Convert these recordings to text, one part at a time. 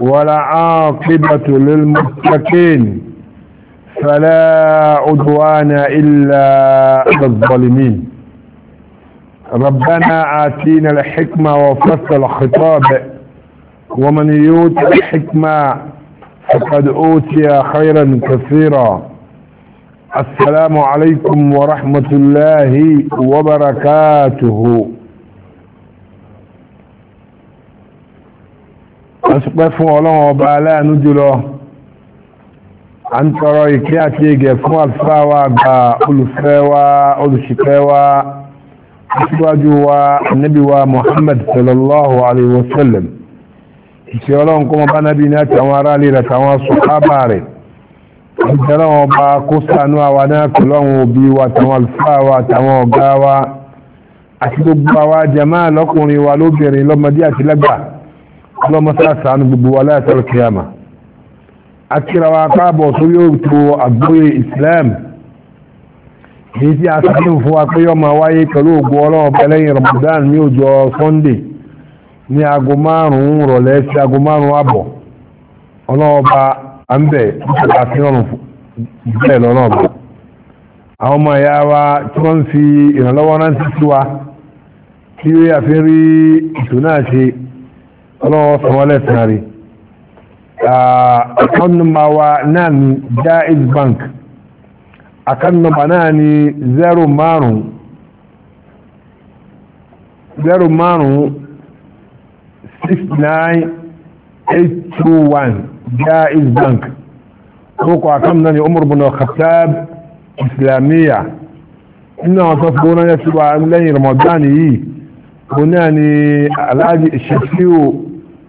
ولا عاقبة للمتقين فلا عدوان إلا على الظالمين ربنا آتينا الحكمة وفصل الخطاب ومن يوت الحكمة فقد أوتي خيرا كثيرا السلام عليكم ورحمة الله وبركاته ọ̀sùpẹ́ fún ọlọ́run ọba aláàánú jùlọ a ń tọrọ ìkẹ́ àti ìgẹ̀ fún àlùfáàwà àgbà olùfẹ́ wa olùṣìpẹ́ wa aṣíwájú wa ànábì wa Muhammad sallallahu alaihi wasallam ìṣẹ́ ọlọ́run kọ́ mọ́ bá nábì ní àtàwọn ará lè ràtàwọn sọ́kábà rẹ̀ ọjọ́rọ̀ ọba kó sànú àwa náà kọlọ́run òbí wa àtàwọn àlùfáàwà àtàwọn ọ̀gá wa àti gbogbo àwa jàmáà lọ́kùnrin wa lóbìnrin lọ́mọdé àti lágbàá اللهم سأسع عن البوالاة والقيامة أكرا وعقاب وصيوبت وعقبوي الإسلام هيتي أسعين فواقية ما وايه كلوك ولو بلين رمضان ميوجو صندي ni aago márùn-ún rọ̀lẹ́ sí aago márùn-ún àbọ̀ ọlọ́ọba àmbẹ̀ ìṣẹ̀lẹ̀ àfihàn bẹ́ẹ̀ lọ́nàbà àwọn ọmọ ẹ̀yà wa tí wọ́n fi ìrànlọ́wọ́ rántí sí wa tí a fi rí ètò náà ṣe ọlọ́wọ́ sọwọ́lẹ̀ tààrí ah, account number wa náà ni jaiz bank account number náà ni 05 05 69821 jaiz bank kókò account náà ni umar bin khattab islamiyya inú àwọn tó fún náà yẹ́ sí wa lẹ́yìn ramadan yìí òun náà ni aláàjì ìṣẹ́fíò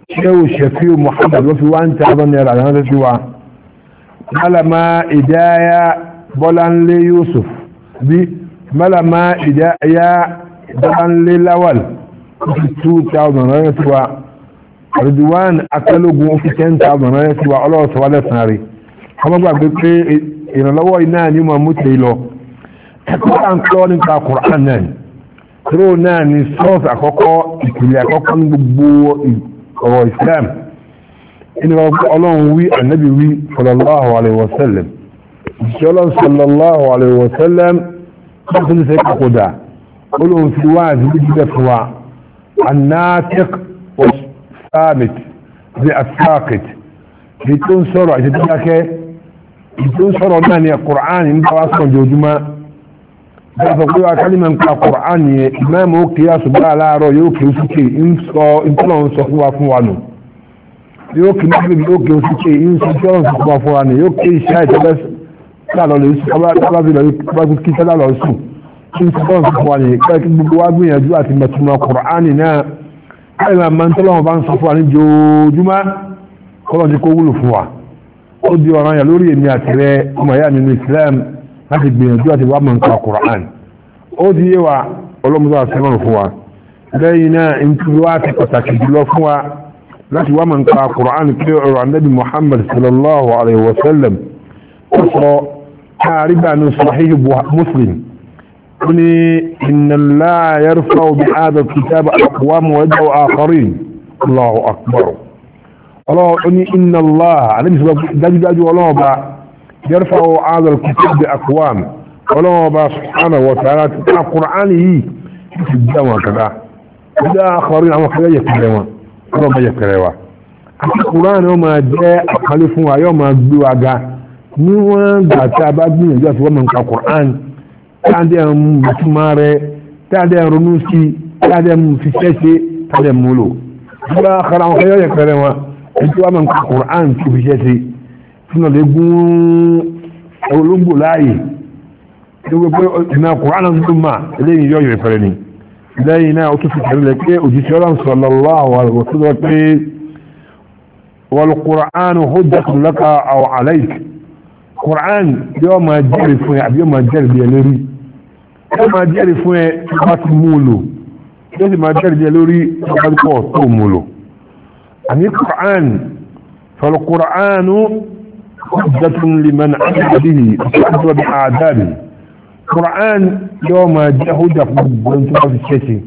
shehu shafiu muhammad wọ́n fi wá ń tẹ́ abọ́ ní ẹ̀rọ àdáńtẹ́ sí wa málàmá ìdáyà bọ́láńlé yusuf bí málàmá ìdáyà bọ́láńlé lawal fi two thousand rẹ̀ sí wa àrùdíwán akẹ́lógún ó fi ten thousand rẹ̀ sí wa ọlọ́wọ́ sọ wá lẹ́sàn-án rẹ̀ ọmọ gbàgbé pé ìrànlọ́wọ́ iná ni mo mú tẹ́ lọ ẹ̀kọ́ à ń kọ́ nípa kùrán náà ni kúrò náà ni sọ́ọ̀sì àkọ́kọ́ ìpìlẹ̀ àkọ́kọ́ ní gbogbo ọ̀rọ̀ islam inú ọlọ́run wí annabi wí sallallahu alaihi wasallam ìṣọ́lọ́n sallallahu alaihi wasallam lọ́sílẹ̀ sí kàkódà olóhun ti wá àti bí jíjẹ fún wa annatik wa samit bi asakit èyí tó ń sọ̀rọ̀ àti tó dákẹ́ èyí tó sọ̀rọ̀ náà ni qur'an ń bá wa sọ̀rọ̀ jojúmọ́ gbogbo akálímẹ̀ nípa kọ̀ránì yẹn mẹ́mọ̀ ó kéré àṣùgbọ́n aláàárọ̀ yóò kéré sókè ìtọ́lọ̀ ń sọ fún wa fún wa nù yóò kéré mẹ́bí yóò kéré sókè ìtọ́lọ̀ ń sọ fún wa fún wa nù yóò kéré iṣẹ́ ìtọ́lẹ̀ sálọ lè sùn tábàbí lọ bábí kí sálà lọ sùn ìtọ́lọ̀ ń sọ fún wa nù kí gbogbo wa gbìyànjú àti mẹ̀túnmọ̀ kọ̀ránì náà láti gbìyànjú àti wà mọ̀ nǹkan Qur'an ó di yé wa ọlọ́mọdé àṣẹ́wọ̀n fún wa lẹ́yìn náà ń tí wá ti pàtàkì jùlọ fún wa láti wà mọ̀ nǹkan Qur'an pé ọ̀rọ̀ anábì Muhammad sallallahu alayhi wa sallam ó sọ káàrí bá ní Sahih Muslim ó ní inna Allaha yarfa'u bi hadha al-kitab aqwaman wa yad'u akharin Allahu akbar ọlọ́run ó ní inna Allaha anábì sọ dájúdájú ọlọ́run bá يرفع هذا الكتاب بأقوام ولو الله سبحانه وتعالى تتعى القرآن هي في الدواء كذا إذا آخرين عما كذا يكلمون ربما يكلمون القرآن وما جاء خلفها يوم الدواء ní wọ́n gbà tí a bá gbìyànjú àti wọ́n mọ̀ nǹkan Qur'an táàdé ń mọ̀túnmá rẹ̀ táàdé ń ronú sí táàdé ń fi ṣẹ́ṣe táàdé ń múlò. bí wọ́n á kọ́ra wọn kọ́ yọ̀ọ́ wọn ètò wọn mọ̀ nǹkan Qur'an tó fi ṣẹ́ṣe sínú lè gún olóńgbò láàyè tó gbé pé ìmọ̀ kùránà tó mà eléyìí yọ ìrẹ̀ fẹ̀rẹ̀ ni lẹ́yìn náà ó tún fi tẹ̀lé pé òjíṣẹ́ ọlọ́run sallallahu alaihi wasallam pé wal Qur'anu hujjatun laka aw alayk Qur'an yóò máa jẹ́rìí fún ẹ àbí yóò máa jẹ́rìí lórí yóò tó bá àmì Qur'an حجة لمن عمل به وتعذر بآدابه قرآن يوم جهد قبل في الشيء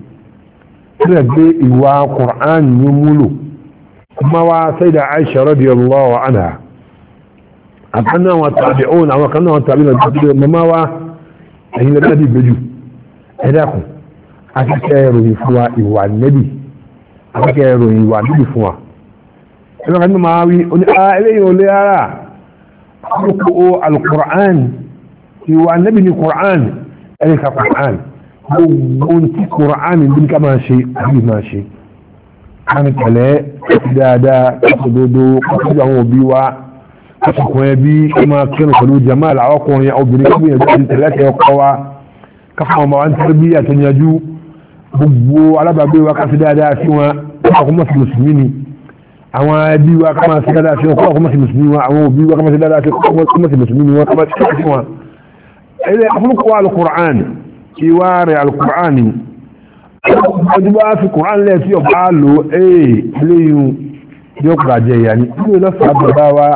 ربي إيوا قرآن يمولو كما وسيدة عائشة رضي الله عنها أكنا وتابعون أو أكنا وتابعون ما و أين الذي بجو أداكم أكاكيرو يفوا إيوا النبي أكاكيرو يفوا النبي فوا إذا كان معاوي أولي آه إليه أولي آه kókó alukur'an ìwà nẹ́bí ni kur'an ẹ̀ríkà kur'an gbogbo tí kur'an bí ká máa ṣe àbí máa ṣe kan tẹ̀lẹ́ dáadáa kásò dodo kásò àwọn òbí wa kásò kan ẹbí kí máa kírun pẹ̀lú jama làwọn ọkùnrin obìnrin kí wọ́n yẹn tẹ̀lẹ́ tẹ̀ ọkọ wa káfà ọmọ wa ń tẹ́lẹ̀ bí àtẹ̀yẹjú gbogbo alábàgbé wa kásò dáadáa sí wọn kásò kọ́mọ̀sí mùsùlùmí ni àwọn ẹbí wa kama sí dáadáa sí wọn kọ́ ọkọ́ sí mùsùlùmí wọn àwọn òbí wa kama sí dáadáa sí wọn kọ́ sí mùsùlùmí wọn kama sí kọ́ sí wọn. ilẹ̀ afúnukọ́ alukur'an ìwà rẹ̀ alukur'an ni ọdún bá fi kur'an lẹ̀ sí ọba lò ee eh, léyìn yóò kura jẹ ìyá ni bí wọn fà bàbá wa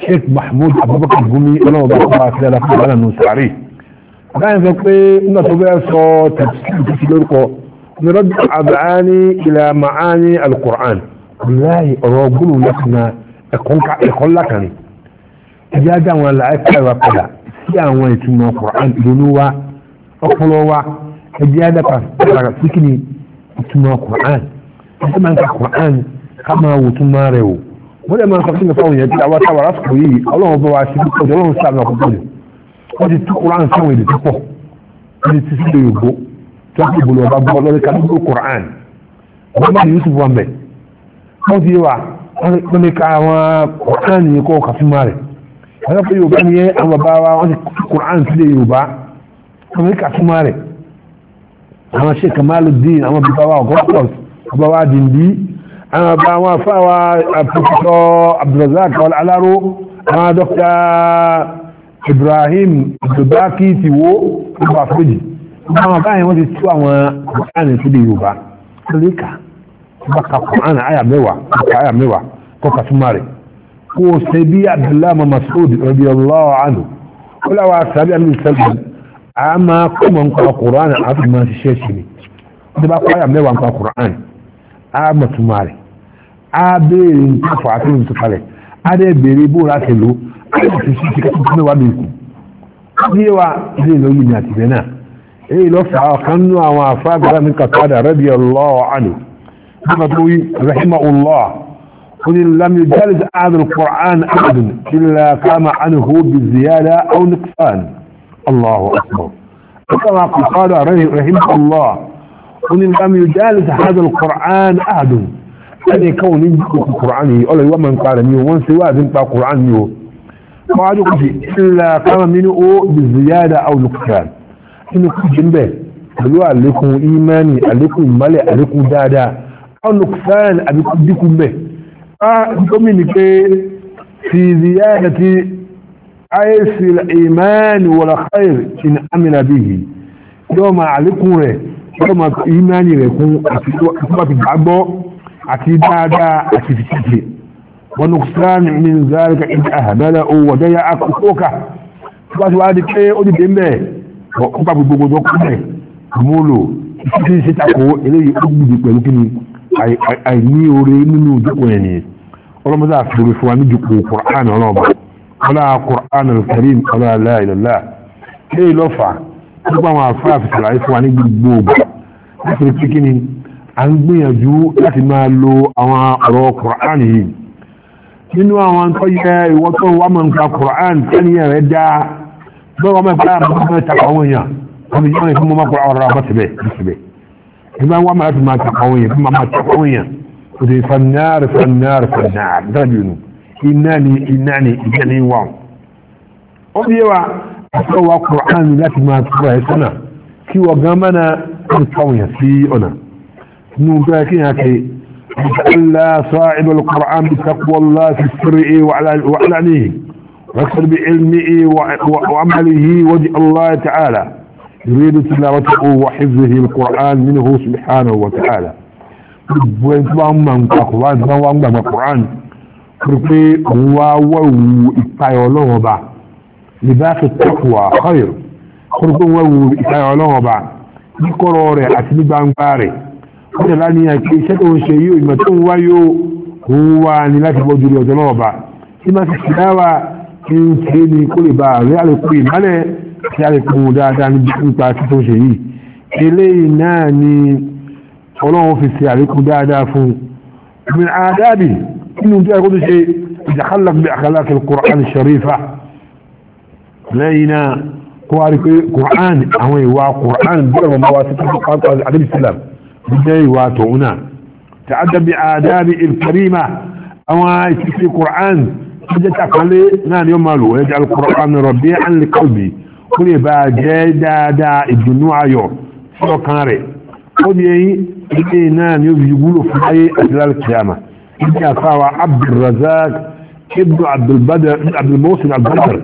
sheikh mahmoud abubakar gumi ọlọ́wọ́ bá kọ́ sí dáadáa láàyè ọ̀rọ̀ gbólóhùn lẹ́kùnà ẹ̀kọ́ ńlá kan ni ẹ̀jẹ̀ ajá àwọn aláìpẹ́ wa padà sí àwọn ìtumọ̀ Qur'an ìdùnnú wa ọpọlọ wa ẹ̀jẹ̀ ajá padà sí kí ni ìtumọ̀ Qur'an ẹ̀jẹ̀ máa ń ka Qur'an ká máa wò tún máa rẹ̀ wò wọ́n dẹ̀ máa ń sọ fún mi fáwọn yẹn tí àwọn táwọn aráàlú yìí ọlọ́run bá wa ṣe púpọ̀ jù ọlọ́run sáà náà púpọ̀ jù wọ́n ti tú Qur'an sáwọn èdè púpọ̀ wọ́n ti ti sílẹ̀ yòókù tí wọ́n ti bolo ọba gbọ́ lọ́dẹ wọ́n ti wà wọ́n ní ka àwọn kùrán ní kọ́ kàfíìmá rẹ̀ wọ́n fẹ́ yorùbá ní àwọn bàbá wa wọ́n ti kùrán sílẹ̀ yorùbá wọ́n ní kàfíìmá rẹ̀ àwọn ṣe Kamaluddin àwọn bàbá wa gọ́ọ̀tọ̀s bàbá wa dìndí àwọn bàbá wa fáwa àpòkìtọ̀ Abdulrazak aláró àwọn dókítà Ibrahim Abdulbaki ti wo gbogbo àfojì àwọn bàbá yẹn wọ́n ti tú àwọn kùrán sílẹ̀ yorùbá wọ́n ní kàá baka Qur'an aya mẹ́wàá baka aya mẹ́wàá ko ka sumare ko se bi Abdullah ma Mas'ud radiyallahu anhu kula wa sabi an sallam ama kuma ko Qur'an abi ma shi shi ne da ba aya mẹ́wàá ko Qur'an ama sumare a be in ka fa atin su kale a de bere bo ra se a ti shi ka ti mẹ́wàá bi ku wa ni lo yi ni ati bena e lo fa kanu àwọn afa gara ni ka kada radiyallahu anhu النبوي رحمه الله قل لم يجالس أحد القرآن أحد إلا قام عنه بزيادة أو نقصان الله أكبر كما قال رحمه الله قل لم يجالس هذا القرآن أحد أن يكون يجلد القرآن يقول ومن قال من ومن سوى ذنب القرآن ما قال إلا قام منه بزيادة أو نقصان إنه كجنبه قالوا عليكم إيماني عليكم ملئ عليكم دادا ọlùkfẹ́ẹ̀lì àbíkú díkú bẹ̀ gómi ni pé fi ziyada ti aisi imani wala khair in amila bihi yóò ma àlékún rẹ̀ yóò ma imani rẹ̀ kún àti gbàgbọ́ àti dáadáa àti fìtìtì wọn nùkfẹ́ẹ̀n min zalika in ahbala o wọ̀dẹ́ ya akókà tó bá ti wá àìní oore nínú ìjókòó yẹn nìyẹn ọlọ́mọdé àfihàn fún wa ní ìjókòó kùránì ọlọ́ọ̀bà ọlá kùránì karim ọlá aláìlọ́lá ṣé ìlọ́fà nípa àwọn afáàfin ṣàlàyé fún wa ní gbogbo ògbà láti rí pé kíni à ń gbìyànjú láti máa lo àwọn ọ̀rọ̀ kùránì yìí nínú àwọn tó yẹ ìwọ́tọ̀ wà mọ̀ nípa kùránì tẹ́niyàn rẹ̀ dáa bọ́ọ̀ wọ́n mọ̀ pé àwọn ọmọ ìtakọ̀ àwọn èèyàn wọ́n ti jẹ́ wọn ìfún إمام وامعد ما تقوية ما ما تقوية ودي فنار فنار فنار دابينو إناني إناني إجاني وام أبيوا أسوى قرآن لك ما تقوية سنة كي وقامنا تقوية سيئنا نوباكي هكي لا صاحب القرآن بتقوى الله في السر وعلى وعلى وعلانيه واكثر بعلمه وعمله ودي الله تعالى يريد تلاوته وحفظه القرآن منه سبحانه وتعالى وانتبعهم من القرآن وانتبعهم من القرآن pé òun wá wọ́wù ìpayọ̀ ọlọ́wọ́ bá libáṣọ tẹ́kùwà ọ̀yọ̀ kó pé wọ́wù ìpayọ̀ ọlọ́wọ́ bá ní kọ́rọ̀ rẹ̀ àti ní gbangba rẹ̀ ó dẹ̀ lá ní àti iṣẹ́ tó ń ṣe yóò ìmọ̀ tó ń wá yóò òun wá ní láti bọ́ ju ọjọ́ náà bá tí máa ti ṣìdáwà kí n ṣe ni kó lè bá rí àlékún ìmálẹ̀ kí a lè kó dáadáa nípa títún ṣe yìí eléyìí náà ni ọlọ́run fi ṣe àríkú dáadáa fún min àdáàbì nínú tí a kó tó ṣe ìjàkálà bí àkàlà kí kùrán ṣarífà lẹ́yìn náà kó a rí pé kùrán àwọn ìwà kùrán bí ọmọ máa wá sí títún pàtó àdébì sílám bí jẹ́ ìwà tòun náà تعدى بآداب الكريمة أو في القرآن حجة أقلي نان يوم مالو يجعل القرآن ربيعا لقلبي kó lè bá jẹ́ dáadáa ìdùnnú ayọ̀ fún ọkàn rẹ̀ ó di ẹyìn ilé náà ni ó fi wúlò fún ayé àdìlálì kìyàmà ibi àfáwà abdulrazak ibn abdulmohsen abdulbadr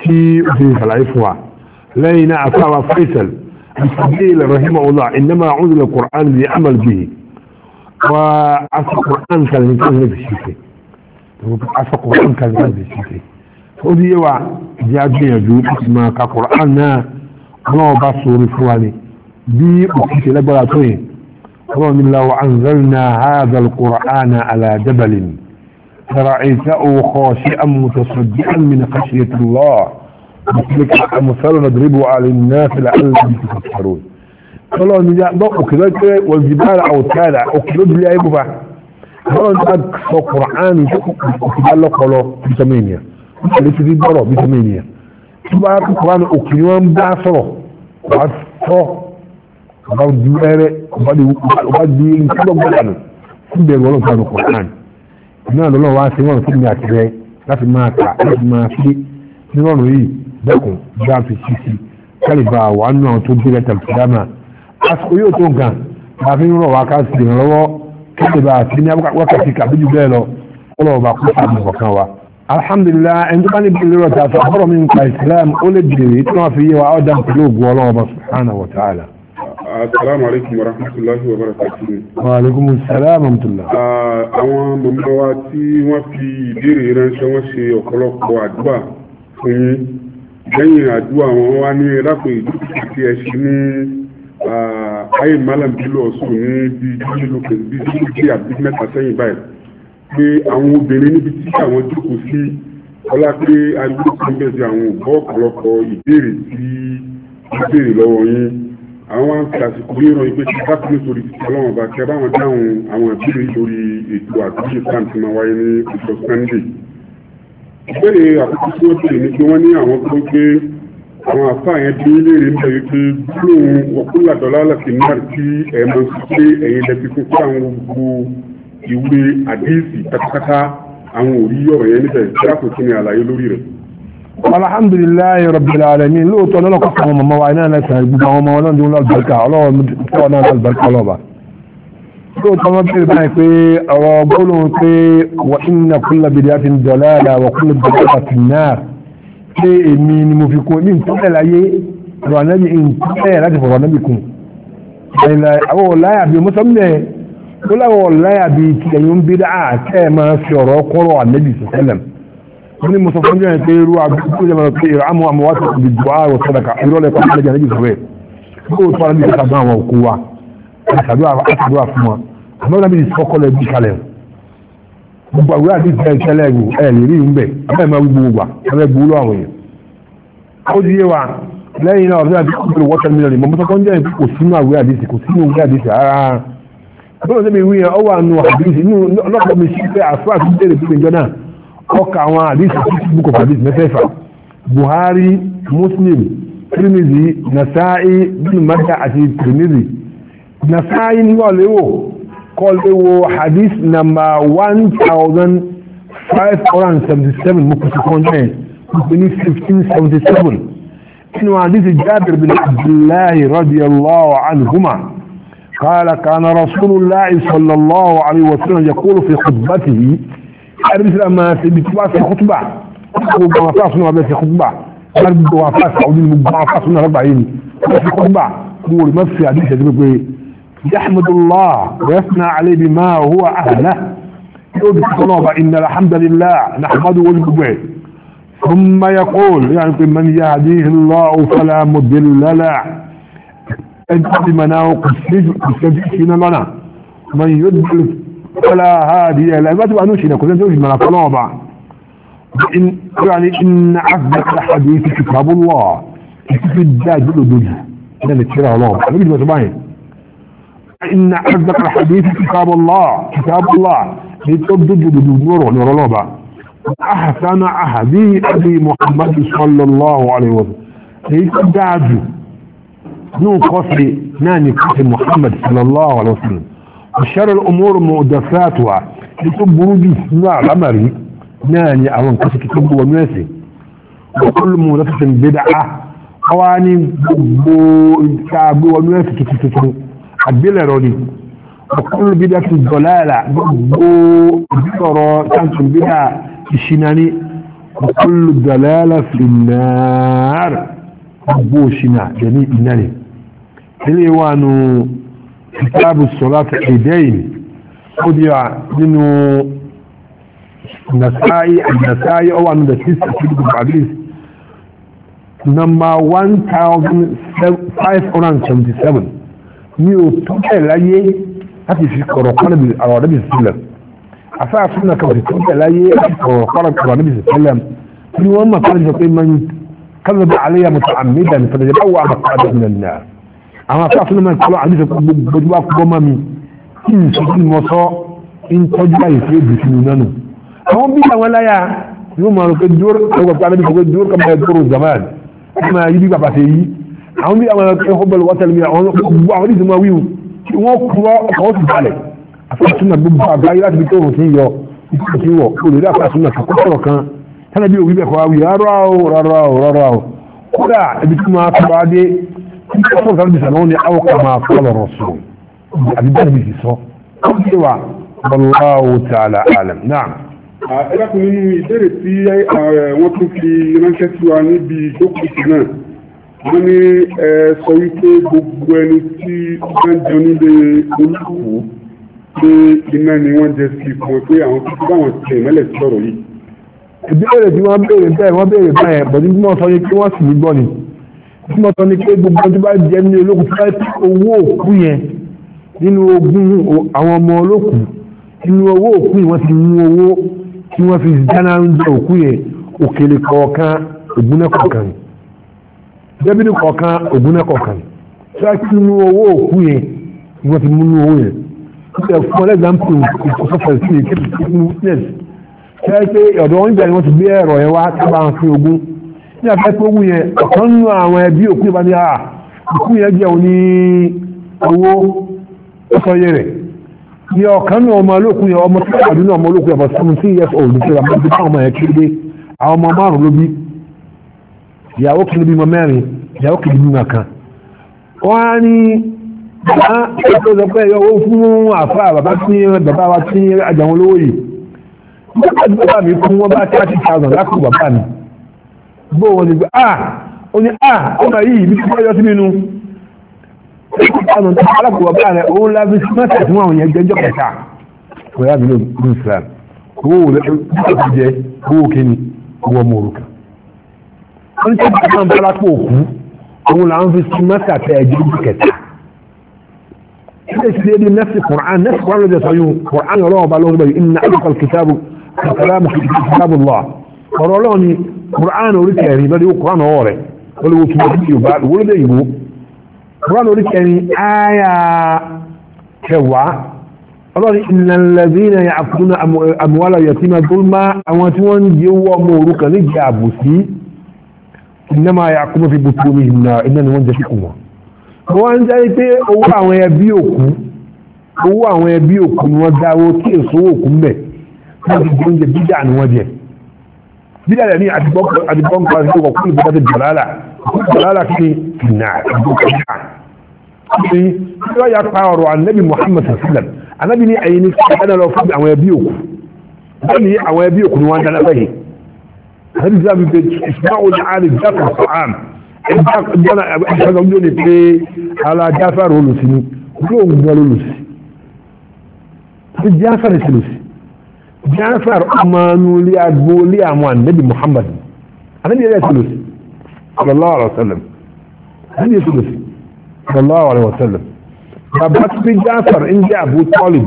tí ó fi ṣàlàyé fún wa lẹ́yìn náà àfáwà faisal bisabil rahimahullah innama a'udhu bil qur'an li amal bihi wa asa qur'an kan kan bi shi asa qur'an kan kan bi shi ó ní yẹwà jẹ́ agbìyànjú láti máa ka Qur'an náà ọlọ́wọ́ bá sọ̀rọ̀ fún wa ni bí òkú ṣe lágbára tó yẹn ọlọ́wọ́ ni law anzalna hadha al-Qur'ana ala jabalin لرأيته خاشئا متصدعا من خشية الله مثلك مثال نضربه على الناس لعلهم يتفكرون قالوا ان ضوء كده والجبال او تالع اكلب لي ايبه قالوا ان قران يشوف كده لو قالوا تمام يعني ẹni ti fi bọ́rọ̀ bí tẹ́mi ènìyàn tí wọ́n á kó kọ́ ní òkè ni wọ́n ń bá sọ̀rọ̀ wọ́n á tọ́ ọba ju ẹrẹ ọba di nkúlọ́gbọ́dà nù fún bẹ̀rù ọlọ́run kan kọ̀ náà náà lọ́lọ́run wá sí wọn fún mi àti rẹ láti máa kà láti máa fi nírọ̀rùn yìí dẹ́kun bá fi sí sí kálífà wà nù àwọn tó dérẹ́ tàbíkàdámà àsìkò yóò tó nǹkan láti ń rọ̀ wá ká sì ràn lọ́wọ́ kálífà àti ní wákàtí kàbíjú bẹ́ẹ̀ lọ kọ́lọ́ ọba kó sáà nù kọ̀ọ̀kan wa alhamdulillah ẹni tó bá ní bílẹ̀ rọ̀tà fọ́rọ̀ mi nípa islam ó lè bèrè tí wọ́n fi yé wa ó dá pẹ̀lú ògùn ọlọ́wọ́ bá subhanahu wa ta'ala. asalaamu alaykum wa rahmatulahi wa barakatuhu. wa aleykum salaam wa rahmatulah. àwọn mọ̀mọ́ wa tí wọ́n fi ìbéèrè ránṣẹ́ wọ́n ṣe ọ̀pọ̀lọpọ̀ àdúrà fún yín lẹ́yìn àdúrà wọn wá ní ẹ̀dàpọ̀ ìdúró àti ẹ̀ṣin ní pé àwọn obìnrin níbi tí àwọn jókòó sí ọlá pé arúgbó kan bẹ̀rẹ̀ sí àwọn ògbọ́ ọ̀pọ̀lọpọ̀ ìbéèrè tí wọ́n béèrè lọ́wọ́ yín àwọn àsìkò ríran ìpè tí bá kúrò sórí títí ọlọ́run bá kẹ́ báwọn dáhùn àwọn ìbéèrè lórí ètò àdúgbò kan tí máa wáyé ní ọjọ́ sunday ìbéèrè àkókò tí wọ́n béèrè ni pé wọ́n ní àwọn tó ń pé àwọn àfáà yẹn bí léèrè ń bẹ̀rẹ̀ pé gbólóhùn ọ̀kúnlàdọ́lá láti náà tí ẹ̀ máa ń sọ pé ẹ̀yin lẹ́bi fún fún àwọn gbogbo ìwé àdéhìsì pátápátá àwọn òrí ọ̀rọ̀ yẹn níbẹ̀ dákò kí ni àlàyé lórí rẹ̀. alhamdulilayi rabbil alamin lóòótọ́ lọ́lọ́kọ̀ fún ọmọ ọmọ wa iná ẹlẹ́sìn gbogbo àwọn ọmọ ọlọ́run tó ń lọ àlùbáríkà ọlọ́run tó ń lọ àlùbáríkà ọlọ́ba lóòótọ́ wọn bẹ̀rẹ̀ báyìí pé ọ̀rọ̀ gbólóhùn pé wà inna kulla bid'atin dalalah wa kullu dalalatin nar pé èmi ni mo fi kún ní ìtọ́lẹ̀ láyé ọ̀rọ̀ anábì ìtọ́lẹ̀ láti fọ̀rọ̀ anábì kún àwọn ọ̀láyà bí mo sọ mẹ́ẹ̀ ó láwọn ọ̀láyà bí i ẹ̀yìn bí dáa tẹ́ ẹ máa fi ọ̀rọ̀ kọ́rọ̀ ànẹ́bì sẹ́lẹ̀m ó ní mọ̀sán fún jẹ́rìn pé irú agbègbè jẹ́ pé ìrámọ̀ àmọ́wátì ti dùn ààrọ̀ sọ́dọ̀kà ìrọ̀lẹ̀ pàtàkì lẹ́jẹ̀ ànẹ́bì sọ́rẹ̀ ó tó ànẹ́bì sọ́dọ̀ àwọn òkú wa àtàdúrà fún wa àmọ́ ànẹ́bì sọ́kọ́lẹ̀ bí kalẹ̀ gbogbo àwúrà ti tẹ́ ìṣẹ́lẹ̀ ẹ̀rù ẹ̀ lè rí ìmbẹ̀ abẹ́ máa gbogbo wa abẹ́ gbogbo àwọn èèyàn ó di yé wa lẹ́yìn náà ọ̀rẹ́ àti kọ́kọ́lẹ̀ bọ́n sẹ́mi wí yẹn ọwọ́ àánú àdìsí inú ọlọ́pàá mi sí pé àfúrà tó dé rèé ìjọ náà ọkà àwọn àdìsí book of àdìsí mẹ́fẹ̀ẹ̀fà Buhari Muslim Tirmidhi Nasa'i bin Mada àti Tirmidhi Nasa'i Nwalewo ọ̀lẹ́wò kọ́lẹ́wò hadith number one thousand five hundred and seventy seven mo kùsù kan náà kùsù ní fifteen seventy seven inú àdìsí Jabir bin Abdullahi radiyallahu anhuma. قال كان رسول الله صلى الله عليه وسلم يقول في خطبته مثل ما تبقى في خطبة وقفاصنا في خطبة قرب وقفاص او وقفاصنا ربعين في خطبة قول ما في حديث يقول يحمد الله ويثنى عليه بما هو أهله يقول بالصلابة إن الحمد لله نحمد ونكبه ثم يقول يعني من يهديه الله فلا مضل له اجعل مناه كسجئ لنا من يدخل فلا هادي لا ما تبقى نوشي لكم انت نوشي منا طلابا إن يعني إن أصدق الحديث كتاب الله في الداج بالأدوج إذا نتشيرها الله نجد ما تبعين إن أصدق الحديث كتاب الله كتاب الله يتبدد نوره نور الله بقى أحسن أحدي أبي محمد صلى الله عليه وسلم يتبدد نون قصر ناني قصر محمد صلى الله عليه وسلم وشار الأمور مؤدفاتها يتبرو دي سنع العمري ناني أولا قصر كتب وناسي وكل مؤدفة بدعة قوانين بو كعب وناسي تتتتتو عدل رولي وكل بدعة الضلالة بو بطرة تنسل بدعة الشناني وكل الضلالة في النار بو شنا جميع يعني الناني ilé wa nù kìtàbù sọ̀láti ìdẹ́yìn ó di à nínú nasáyí àdìnasáyí ó wà nù the six critical babies nọmba one thousand five hundred and seventy seven ní o tó bẹ́ẹ̀ láyé láti fi kọ̀rọ̀ kọ́nà bí àwọn ọ̀rẹ́bí sílẹ̀ afáàfin náà kàwé tó bẹ́ẹ̀ láyé láti kọ̀rọ̀ kọ́nà bí àwọn ọ̀rẹ́bí sílẹ̀ ni wọ́n mọ̀ kọ́nà jọ pé man kálọ̀ bí alẹ́ yà mọ̀tò àmì ìdánilẹ́yẹ báwo àmọ̀ kọ́nà bí nìyà àwọn afẹ́fẹ́ náà kọ́lọ́ àdífẹ́ gbogbo akọ́gbọ́ mọ́ mi kí n sọ kí n mọ sọ ń tọ́jú àyè sí èdè sínú nánu àwọn bí àwọn láyà yóò máa rò pé dúró àwọn pàpà àdífẹ́ pé dúró kàmá ẹgbẹ́ rò zaman kí máa yí bí pàpà ṣe yí àwọn bí àwọn ẹgbẹ́ ọkọ̀ bẹ̀rẹ̀ wọ́tẹ̀lẹ̀ mi àwọn gbogbo àwọn ìdìmọ̀ wíwù kí wọ́n kúrọ́ ọkọ̀ ó ti balẹ̀ afẹ́fẹ́ náà gbogbo àgbáyé láti fi tóorùn ọmọ kan bisa lóni aw kama kọlọ rọsọ àbí bẹ́ẹ̀ bí ti sọ ṣé wa wallahu ta'ala alam náà. ẹlẹ́kùn nínú ìbéèrè tí wọ́n tún fi ránṣẹ́ sí wa níbi ìjókòó sí náà wọ́n ní ẹ sọ wípé gbogbo ẹni tí wọ́n jẹ nílé olùkọ́ pé iná ni wọ́n jẹ sí fún ọ àwọn tó bá wọn tẹ̀ mẹ́lẹ̀ sọ̀rọ̀ yìí. ìbéèrè tí wọ́n béèrè bẹ́ẹ̀ wọ́n béèrè bẹ́ẹ̀ bọ̀dí bí sọ yìí kí wọ́n sì ní gbọ́ ni fún ọ̀tọ̀ ni pé gbogbo ọdún bá jẹ́ ní olókùn tó láti owó òkú yẹn nínú ogún àwọn ọmọ olókùn nínú owó òkú yẹn wọ́n ti mú owó tí wọ́n fi dáná oúnjẹ òkú yẹn òkèlè kọ̀ọ̀kan ògúnná kọ̀ọ̀kan dẹ́bìnì kọ̀ọ̀kan ògúnná kọ̀ọ̀kan tó láti mú owó òkú yẹn wọ́n ti mú owó yẹn ṣe fún ẹlẹ́gbàmpù ìkọ̀sọ́fẹ̀ sí ìkéde tó ń ní àfẹ́ tó wù yẹn ọ̀kan nínú àwọn ẹbí òkú ìbá ní àà òkú yẹn jẹun ní owó ọsọyẹ rẹ̀ ní ọ̀kan nínú ọmọ olókùn yẹn ọmọ tó wà nínú ọmọ olókùn yẹn but seventeen years old ṣe ra mọ́tò fún ọmọ yẹn kéde àwọn ọmọ márùn ló bí ìyàwó kìíní bímọ mẹ́rin ìyàwó kìíní bímọ kan wọ́n á ní bàbá ètò ìsọpẹ́ ẹ̀yọ owó fún àfáà bàbá tí bàbá wa tí àjàwọn olówó yìí bàbá mi fún wọn bá thirty thousand bàbá mi gbóòwò ní ah ó ní ah ọmọ yìí bí kí ọjọ́ sí nínú ọdún tó alákòwò bá rẹ̀ òun lábí mẹ́ta tí wọ́n yẹn jẹ́jọ́ kẹta kò yá bílò ní Islam owó wò lẹ́yìn tó ti jẹ owó kéni owó ọmọ òrùka wọ́n ti bá wọn bára pọ̀ òkú Kùránì orí kẹrin lọ́dí ó Kùránì ọwọ́ rẹ̀ ó lè wo kí wọ́n ti Yorùbá wọlé ìbò Kùránì orí kẹrin áyà kẹwàá ọlọ́ni ìnàlẹ́bínà àkúnná àmúwálà yàtíma gólmá àwọn tí wọ́n ń jẹ owó ọmọ òrukàn ní ìjà àbòsí ìnáma àkúnmọ́ fi bùtù omi ìnà iná ni wọ́n jẹ síkù wọn. wọ́n ń jẹ́ pé owó àwọn ẹbí òkú owó àwọn ẹbí òkú ni wọ́n dáwó kí èso òkú mbẹ̀ wọ́n ti jẹ oúnjẹ ni wọ́n jẹ bídà rẹ̀ ní àdìbọ́nkọ́ àti kòkò kúrò bídà ti dọ̀lálà dọ̀lálà kí nà àdìbọ́nkọ́ ṣe yọ ya pa ọ̀rọ̀ anabi muhammad sallam anabi ní àyè ní kíkàdá lọ fún àwọn ẹbí òkú bẹ́ẹ̀ni àwọn ẹbí òkú ni wọ́n dáná fẹ́yìn anabi sallam bí bẹ́ẹ̀ ìsìláwò ní àlè jáfà sọ́hán ẹ̀dá ọjọ́ ni pé ala jáfà rẹ̀ olùsí ni olóògùn gan olùsí ti jáfà rẹ̀ sí olùsí Jafar amanuli agboli àwọn nabi Muhammad ànábì yẹn sọlọ sallallahu alaihi wasallam ànábì sallallahu alaihi wasallam bàbá tó bi Jafar ń Abu Talib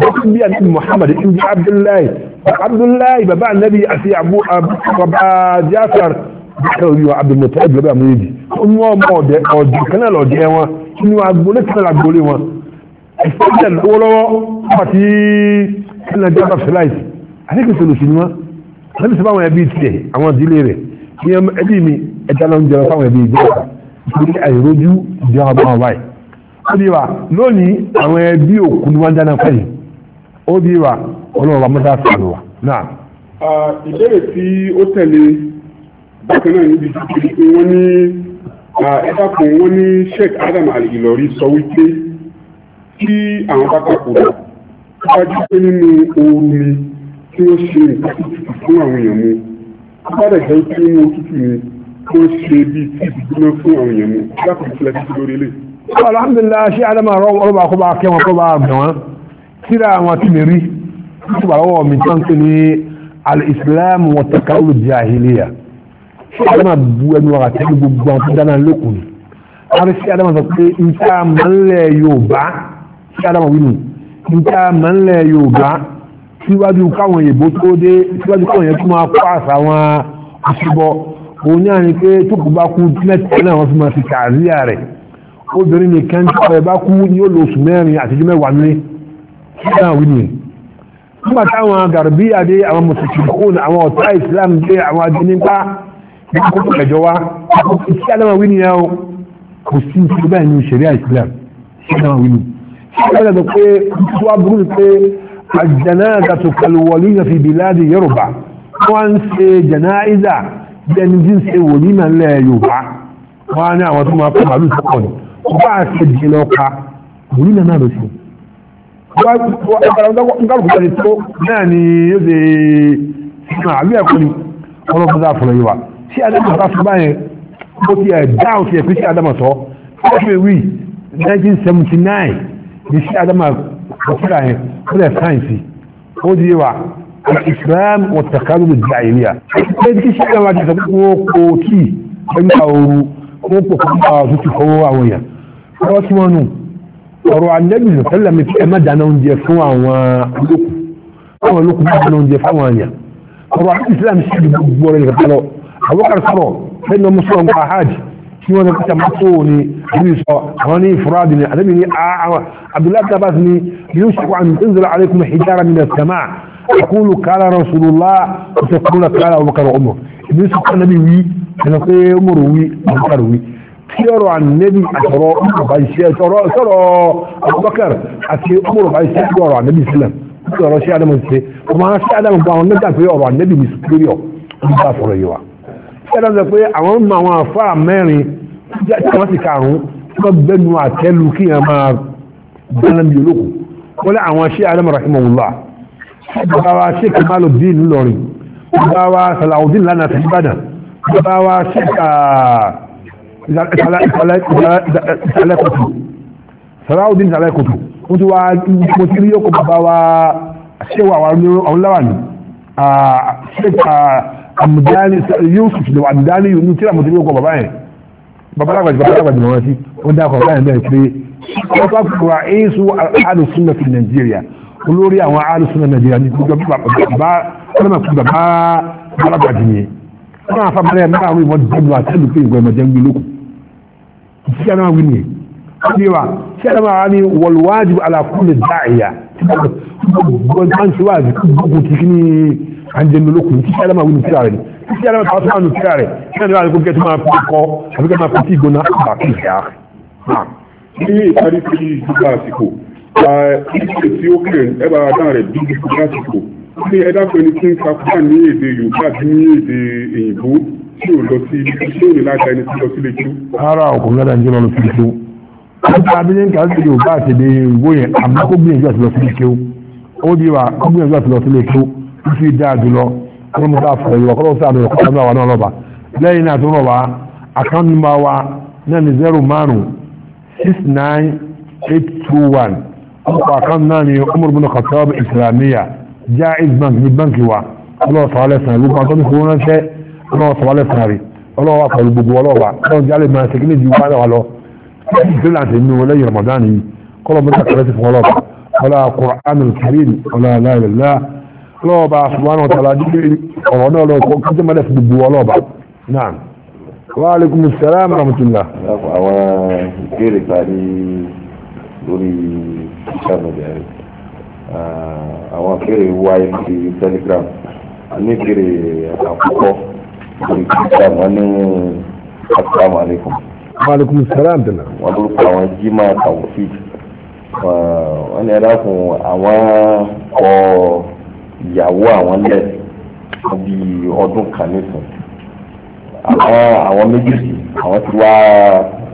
bàbá tó bí ànábì Muhammad india jẹ Abdullahi ba bàbá ànábì Abu bàbá Jafar bàbá òbí wa Abdul Muttalib bàbá àmúlẹ̀ bi wọn inú agbolé kanáà agbolé wọn ẹ̀fọ́ ẹnna jẹ́ ọba fẹ́láìsì àdékèsè lòsì ni wọn lẹ́bi sọ́ba àwọn ẹbí tiẹ̀ àwọn ìdílé rẹ̀ ní ẹbí mi ẹja náà ń jẹun fáwọn ẹbí ìjọba ìdílé àìrójú ìdí àwọn ọmọ wáyé ó di wa lónìí àwọn ẹbí òkú ni wọ́n dáná fẹ́yìn ó di wa ọlọ́run ọmọdé àtàlù wa náà. ìbéèrè tí ó tẹ̀lé bákan náà níbi tí wọ́n ní ẹ̀ka kan wọ́n ní Sheikh Adam Al-Ilori sọ wípé kí àwọn bá kájú pé nínú omi tí ó ṣe nǹkan tútù fún àwọn èèyàn mu bọ́dà jẹ́ pé nínú tútù ni tó ń ṣe bíi tí ìdúná fún àwọn èèyàn mu láti fi lẹ́tí lórí ilé. alhamdulilayi ṣé adama ọlọ́ba akọba akẹ́wọ̀n akọba àgbọ̀n wọn síra àwọn àti mi rí tó bá lọ́wọ́ mi tán pé ní al-islam wa takawu jahiliya ṣé adama bu ẹnu ọ̀rọ̀ àtẹ́lẹ̀ gbogbo àwọn tó dáná lókun ni wọ́n adama sọ pé nta mọ́lẹ̀ Yorùbá ṣé adama wí nù níta mọ́nlẹ̀ yorùbá síwájú káwọn èèbó tó dé síwájú káwọn yẹn tó máa kó àṣà wọn àṣìbọ òun náà ni pé tó kù bá kú mẹ́ta náà wọ́n fi máa fi kàríà rẹ̀ obìnrin nìkan tí ọ̀rẹ́ bá kú ní ó lo oṣù mẹ́rin àtijọ́ mẹ́wàá nílé náà wí nìyẹn nígbà táwọn gàrbí adé àwọn mùsùlùmí kò ní àwọn ọ̀tá islam dé àwọn adínípa ní kókó ẹ̀jọ́ wa kò ẹ̀rọ pé tó aburú pé àjànáàdà tó kalwọlí na fi bíládì yorùbá wọ́n ń ṣe jànáàdà jẹni jí ń ṣe wòlí na lẹ́ yorùbá wọ́n ní àwọn tó máa kọ́ màálù sọ́kọ̀ ní ọba àṣẹ jẹ lọ́ka wòlí na náà ló ṣe nkálùkùtà ni tó náà ni yóò ṣe sínú àbí ẹ̀kọ́ ni ọlọ́ bá fún ẹ̀yìn wa sí adamu bá fún báyẹn bó ti ẹ̀ dáhùn sí ẹ̀ pé sí adamu sọ ọ́ fẹ́ wí 1979 bí sí adama bàtúrà yẹn ó lẹ̀ sáyẹ̀nsì ó di wa islam wọ́n takalu ní jahiliya ẹ̀ kí sí adama ti sọ pé wọ́n kó kí ẹgbẹ́ ooru wọ́n kó kó bá wọn tutù kọ́wọ́ àwọn yẹn ọ̀rọ̀ tí wọ́n nù ọ̀rọ̀ anẹ́bí sọ̀tẹ́lẹ̀ mi fi ẹ̀má dáná oúnjẹ fún àwọn olókùn àwọn olókùn bá dáná oúnjẹ fáwọn àyàn ọ̀rọ̀ àti islam sí ìdìbò gbogbo rẹ̀ lọ́wọ́ àwọn kan sọ̀rọ̀ fẹ́ẹ́ ní ọmọ sọ̀rọ̀ nípa hajj tí wọ́n ní kíta mọ́tò ní ibi sọ àwọn ní ìfúráàdì ní àdébì ní àwọn abdullahi abbas ní yóò ṣàkó àmì tó ń zara alaikum hijara min as-sama aqulu qala rasulullah wa taqulu qala abubakar umar ibi sọ kan nabi wi ẹnna pé umar wi abubakar wi tí ọ̀rọ̀ ànẹbi àtọrọ ọba iṣẹ sọ̀rọ̀ sọ̀rọ̀ abubakar àti umar ọba iṣẹ tí ọ̀rọ̀ ànẹbi sílẹ̀ tí ọ̀rọ̀ ṣe adamu ṣe ọmọ ṣe adamu bá wọn nígbà pé ọ̀rọ̀ ànẹbi ní superior nígbà sọ̀rọ̀ yìí wa ẹ̀rọ sọ pé àwọn mọ àwọn àfáà mẹ́rin tí wọ́n sì karùn-ún tí wọ́n gbẹnu àtẹ́lu kí wọ́n máa gbẹ́lẹ́ bí olóko wọ́n lé àwọn ṣé adam rahimahullah bàbá wa ṣé kamalu dín ńlọrin bàbá wa salawudin lánàá sí ìbàdàn bàbá amudani yusuf ló amudani yìí ní tíra mo ti ní ọkọ bàbá yẹn bàbá alágbàjì bàbá alágbàjì lọ́wọ́ sí ó dá ọkọ bàbá yẹn bẹ́ẹ̀ pé wọ́n bá fi wà éésù alùsùnà fi nàìjíríà olórí àwọn alùsùnà nàìjíríà ní gbogbo bàbá ọlọ́mọ kú bàbá alágbàjì yẹn wọ́n náà fábàlẹ̀ yẹn náà wọ́n dẹ́nu àtẹ́lu pé ìgbà ìmọ̀jẹ̀ ń gbé lóko ìṣẹ́ yẹn náà wí nìyẹn ṣé wa ṣé ẹ̀rọ máa ní wọ̀lúwájú alákùnrin dáìyà tí wọ́n gbọ́n àǹjẹ̀nu olókùn títí alama wí ní síra rẹ̀ títí alama tàwọn sọ́wọ́n ní síra rẹ̀ náà ni wọ́n àgbẹ̀kọ́ kẹ́tù máa fi kọ́ àbí kẹ́tù máa fi tí ìgbóná àbàkì ìyá. ní ìparí ti gbogbo àsìkò ìṣe tí ó kẹ̀ ẹ bá dáa rẹ̀ bí gbogbo àsìkò ní ẹ dákun ẹni tí ń sakura ní èdè Yorùbá àti ní èdè èyìnbó tí ò lọ sí ilé tí ò ní láta ẹni tí lọ sí ilé tí ó. ara òkú ládàá ní lọ́nà fífi tó. ọ̀pọ̀ abílẹ̀ ń kà sí Yorùbá àti èdè èyìnbó yẹn àmọ́ kó gbìyànjú àti lọ sí ilé ó. ó di wa kó gbìyànjú àti lọ sí ilé ó fi dáa jùlọ kọ́lọ́ mọ́ta fọ̀rọ̀ yọ kọ́lọ́ sáà lọ kọ́lọ́ náà wà náà lọ́ba lẹ́yìn náà tó náà wá account number wa náà ni zero márùn six nine eight two one ọkọ̀ account náà ni Umar bin Khattab islamiyya Jaiz bank ní báńkì wa ọlọ́wọ́ sọ̀rọ̀ lẹ́sàn-án gbogbo àtọ́ ní fowó ránṣẹ́ ọlọ́wọ́ sọ̀rọ̀ lẹ́sàn-án rí ọlọ́wọ́ wà pẹ̀lú gbogbo ọlọ́wà ọlọ́wọ́ jálè máa ṣe kí ní ju wá wà lọ ìgbélànà tèmi wọn lẹ́yìn Ramadan yìí kọ́lọ́ mọ́ta kẹrẹ́sì fún ọlọ́wọ́ ọlọ́wọ́ Qur'anul Karim ọlọ́wọ́ láìláà lọ́ọ̀bá subhanahu wa ta'ala dípé ọ̀rọ̀ náà lọ kọ́ kíjọ́ mẹ́lẹ̀ fún gbogbo ọlọ́ọ̀bá náà wa alaikum salam rahmatullah. àwọn ìbéèrè ta ní lórí social media àwọn ìbéèrè wáyé ti telegram ní ìbéèrè àkọ́kọ́ lórí telegram wọn ní assalamu alaikum. wa alaikum salam dana. wọn lórúkọ àwọn jimá tàwọn fíìdì wọn ni ẹ dákun àwọn kọ ìyàwó àwọn lẹ̀ bí ọdún kan nìkan àwọn àwọn méjèèjì àwọn ti wá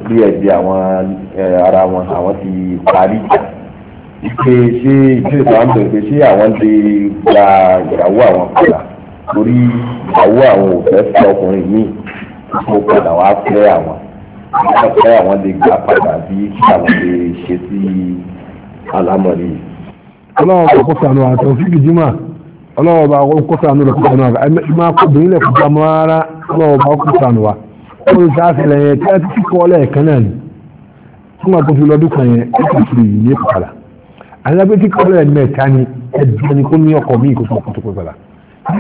rí ẹ̀bi àwọn ara wọn àwọn ti parí ìjà pé ṣé ìbéèrè tó wà ń bẹ̀rẹ̀ pé ṣé àwọn lè gba ìyàwó àwọn padà torí ìyàwó àwọn ò fẹ́ fẹ́ ọkùnrin míì tó padà wá fẹ́ àwọn wọ́n fẹ́ àwọn lè gbà padà bí kí àwọn lè ṣe sí alámọ̀rí. ọlọ́run kò kó sànù àtọ̀ fíjì jimá ọlọ́wọ́ bá wọ́n kó sànú rẹ̀ kọ́nà rẹ̀ máa kó bìnrin lẹ̀ kó gbà mọ́ ara ọlọ́wọ́ bá kó sànú wa ó ń sáfìlẹ̀ yẹn kí á ti kíkọ́ lẹ́ẹ̀kan náà ni fún àpò fi lọ́dún kan yẹn ó sì fi yìí ní pàlà alábẹ́ kíkọ́ lẹ̀ mẹ́ta ni ẹ̀dùn ni kó ní ọkọ̀ míì kó sọ̀kọ̀ tó pẹ̀lá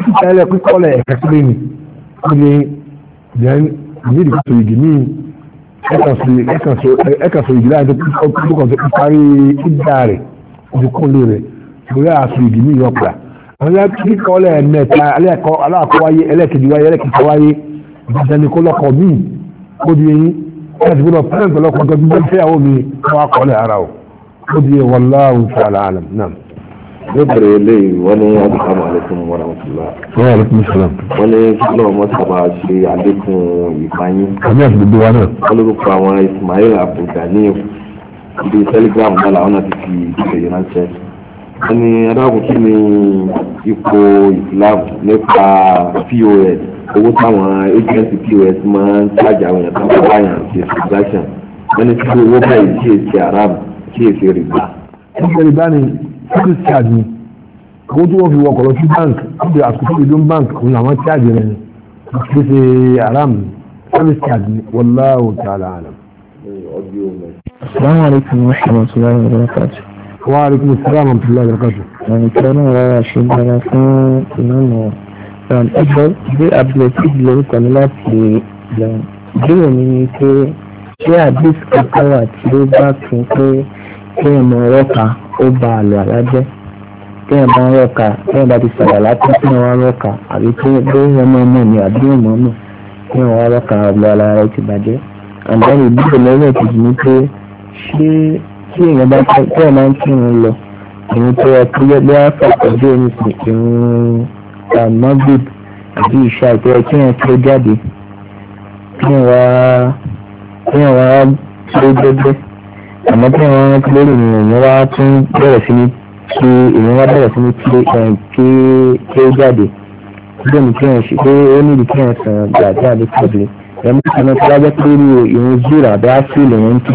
kíkọ́ lẹ̀ kíkọ́ lẹ̀ ẹ̀ka kéré ni ó ní ìdí kò ìdí míì ẹ̀kan sọ ìdí láti kó kó kó kó parí ìdá rẹ̀ ìdí kó lé rẹ̀ ìdí kó lé àṣọ ìdí míì yọ̀ pàlà wọ́n yá kíkọ́ lẹ́ẹ̀mẹ́ta alẹ́kọ́ aláàkọ́wáyé ẹlẹ́kejì wáyé ẹlẹ́kejì wáyé ìbàdàn kó lọ́kọ̀ míì kó di eyín láti gbọ́dọ̀ pẹ́ẹ́ntì lọ́kọ̀ tó gbígbé fẹ́yàwó mi wọ́n á kọ́ lẹ́ ara o kó di eyín wallahu ta'ala alam náà. lóbìnrin eléyìí wọ́n ní assalamu alaikum wa rahmatullah. wa alaikum salam. wọ́n ní kílọ̀ ọmọ sábà ṣe àlékún ìpanyín. àmì àtúndì wa náà. wọ́n lórúkọ àwọn Ismail Abdulganiyu bíi telegram náà làwọn náà ti fi ìdíje yìí ránṣẹ́ ẹni adágún kí ni ipò islam nípa pos owó táwọn agency pos máa ń ṣáàjà àwọn èèyàn tó ń bá yàn ṣe transaction ẹni tí owó báyìí kí èsì haram kí èsì rìbá. ó ṣe rìbá ni fúkú charge ni owó tí wọ́n fi wọkọ̀ lọ sí bank níbi àsìkò tó ń bank òun làwọn charge rẹ̀ ni kí ṣe haram service charge ni wallahu ta'ala alam. Assalamu alaikum warahmatullahi wabarakatuh wa alaikum assalam wa rahmatullahi wa barakatuh. ẹ̀ǹkẹ́ náà rárá ṣe dára fún ìnáwó um, ẹgbẹ́ bí abdulatif lórúkọ mi láti ìlọrin um, ìbéèrè mi ni pé ṣé àdìs kankanwà tí ó bá tún pé kí ẹ̀ mọ rọ́ọ̀kà ó ba àlọ́ àlájẹ́ kí ẹ̀ bá rọ́ọ̀kà kí ẹ̀ bá ti sọ̀rọ̀ látọ́ kí ẹ̀ wá rọ́ọ̀kà àbí pé bóyá ọmọ náà ni àbí ọmọ náà kí ẹ̀ wá rọ́ọ̀kà ọ̀gbọ́n ara rẹ̀ ti bàjẹ́ àǹdáyé ìbéèrè tí èèyàn bá tẹ tí ẹ̀ máa ń tì ń lọ ìrìn tó yẹ kó yẹ bí wọ́n fàkọ́jú ẹni sí ìrìn magrib àbí ìṣá ìpẹ́ kí èèyàn tó jáde kí èèyàn wá tó gbẹgbẹ àmọ́ kí èèyàn wá tó lórí ìrìn wá tún bẹ̀rẹ̀ sí ní kí èèyàn wá bẹ̀rẹ̀ sí ní kí ó jáde gbẹ̀mí kí èèyàn ṣe pé ó níbi kí èèyàn sàn gbàgbé àdékọ́bìnrin ẹ̀mí kan náà tó wá jẹ́ pé irú ìrìn zúrà bá sílẹ̀ yẹn ń kí.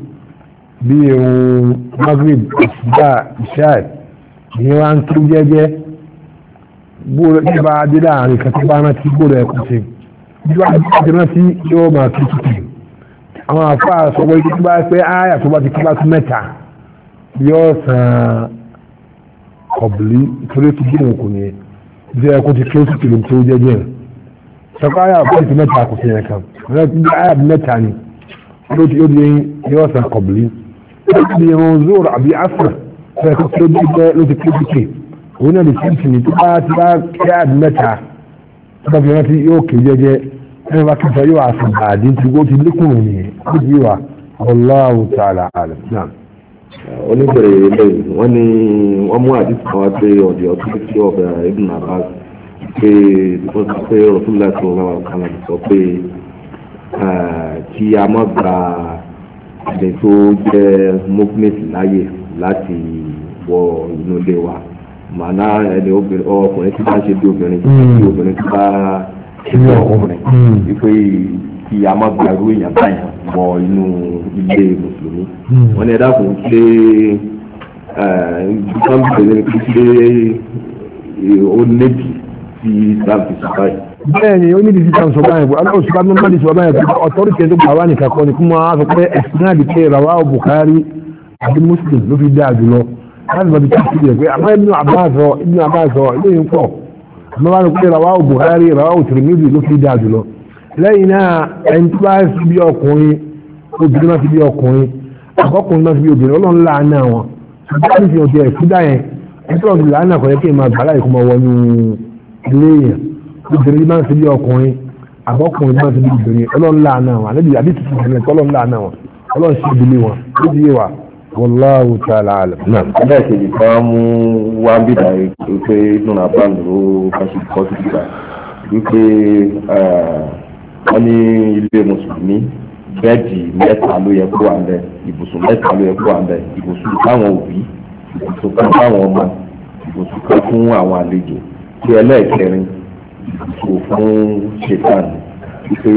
bí irun Maghrib ìṣúgbà ìṣáì ìyẹn wá ń tó jẹ́jẹ́ bóòrò tí bá dé láàrin kan tó bá rántí bóòrò ẹ̀kọ́ sí bí wá ti ti rántí yóò máa tó tutù àwọn afá sọ pé kí bá pé áyà tó bá ti kí bá tó mẹ́ta yóò san kọ̀bìlì torí ti gbìmọ̀ kò ní bí ẹ̀kọ́ ti kí ó sì kìlò tó jẹ́jẹ́ rẹ̀ sọ́kọ́ ti mẹ́ta kò sí ẹ̀kan rẹ̀ bí ayà mẹ́ta ni ó ti yóò san bí irun zoro àbí asra fẹ́ kó tó bí pẹ́ ló ti pé pípé òun náà lè fi ìsìn tó bá ti bá kí àdì mẹ́ta tó fi rántí yóò ké jẹ́jẹ́ ẹni bá kíkọ yóò àsìn àdì tí ó ti lékùn nìyẹn ó ti wà Allahu ta'ala alam oníbẹ̀rẹ̀ lẹ́yìn wọ́n ní wọ́n mú àdìsí kan wá pé ọ̀dẹ̀ ọ̀tún sí ọ̀bẹ̀ ibn abbas pé wọ́n sọ pé rọ̀tún láti wọ́n máa kàn láti sọ pé ah, kí a má gba àti tó jẹ́ movement láàyè láti wọ inú ilé wa màná ẹni ọkùnrin tí bá ṣe bí obìnrin tí hmm. obìnrin tí bá ṣe bí hmm. ọkùnrin hmm. wípé kí a má gba irú èèyàn báyìí wọ inú ilé mùsùlùmí wọn ni ẹ dákun ṣe nǹkan bí ìṣẹ̀lẹ̀ pé ṣe islam ti sọ báyìí bẹ́ẹ̀ ni ó ní bí sísan sọ báyìí aláwọ̀ sọ bá mọ́ báyìí sọ báyìí pé ọ̀tọ́rìtì ẹ̀dọ́ bàbá nìkan kọ́ ni kí wọ́n á sọ pé ẹ̀sìn náà pé ràwá ò àti Muslim ló fi dá a jùlọ láti bàbí tí a ti yẹ pé àmọ́ inú àbáàzọ inú àbáàzọ ilé yìí ń pọ̀ àmọ́ bá rẹ̀ pé ràwá ò Bukhari ràwá ò Tirmidhi ló fi dá a jùlọ lẹ́yìn náà ẹni bá fi bí ọkùnrin obìnrin máa fi bí ọkùnrin àkọ́kùnrin máa fi bí obìnrin ọlọ́run láàánú àwọn obìnrin máa ń ṣe bí ọkùnrin àbọ̀kùnrin máa ń ṣe bí obìnrin ọlọ́run láàánà wọn àlejò àbí tuntun ìṣẹ̀lẹ̀ ọlọ́run láàánà wọn ọlọ́run ṣe ìdílé wọn ó di yé wa wọláwù tí a là á lọ. ọ̀dà ìṣèjì kan mú wá ń bìdà pé nínú àbámu ló kọ́sí kọ́sí bìdà wípé wọ́n ní ilé mùsùlùmí bẹ́ẹ̀dì mẹ́ta ló yẹ kó wà ń bẹ̀ ibùsùn mẹ́ta ló yẹ kó wà ń bẹ̀ ibùsùn táwọn òbí ibùsùn kan táwọn ọmọ ibùsùn kan fún àwọn àlejò tí ẹlẹ́ẹ̀kẹrin kò fún ṣètàn pé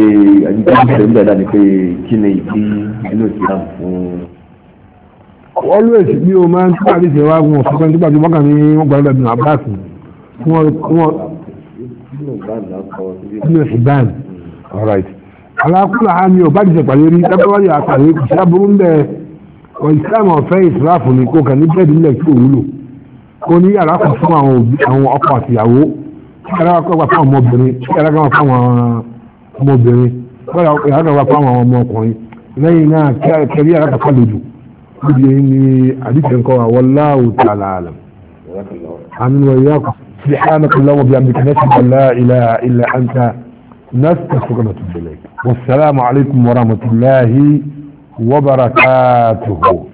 àjíjáde ń dàda ni pé kí ni ìdí nínú ìsìlám fún. always ni o máa ń tún àdéhùn ìwà wọn fún ọkàn nígbà tí ní wọn gbàdúrà bí wọn abáàkù wọn wọn. nínú ìbáàn alright alákùlà àmì ọba jẹ pàdé rí lábẹ́wájú àtàrí kò sí aburú ń bẹ ọ ìsìlámù ọ̀fẹ́ ìsìláàfù ni kò kàn ní bẹ́ẹ̀dì nílẹ̀ tí ò wúlò kò ní yàrá kan fún àwọn ọkọ àtìyàwó yàrá kan wà fún àwọn ọmọbìnrin yàrá kan wà fún àwọn ọmọbìnrin yàrá kan wà fún àwọn ọmọkùnrin lẹ́yìn náà kẹrí yàrá kan fún lòdù lóbi yẹn ni àdìsẹ́ nǹkan wà wallahu ta'ala alam àmì wọ̀ yà kù سبحانك اللهم وبحمدك نشهد ان لا اله الا انت نستغفرك ونتوب اليك والسلام عليكم ورحمه الله وبركاته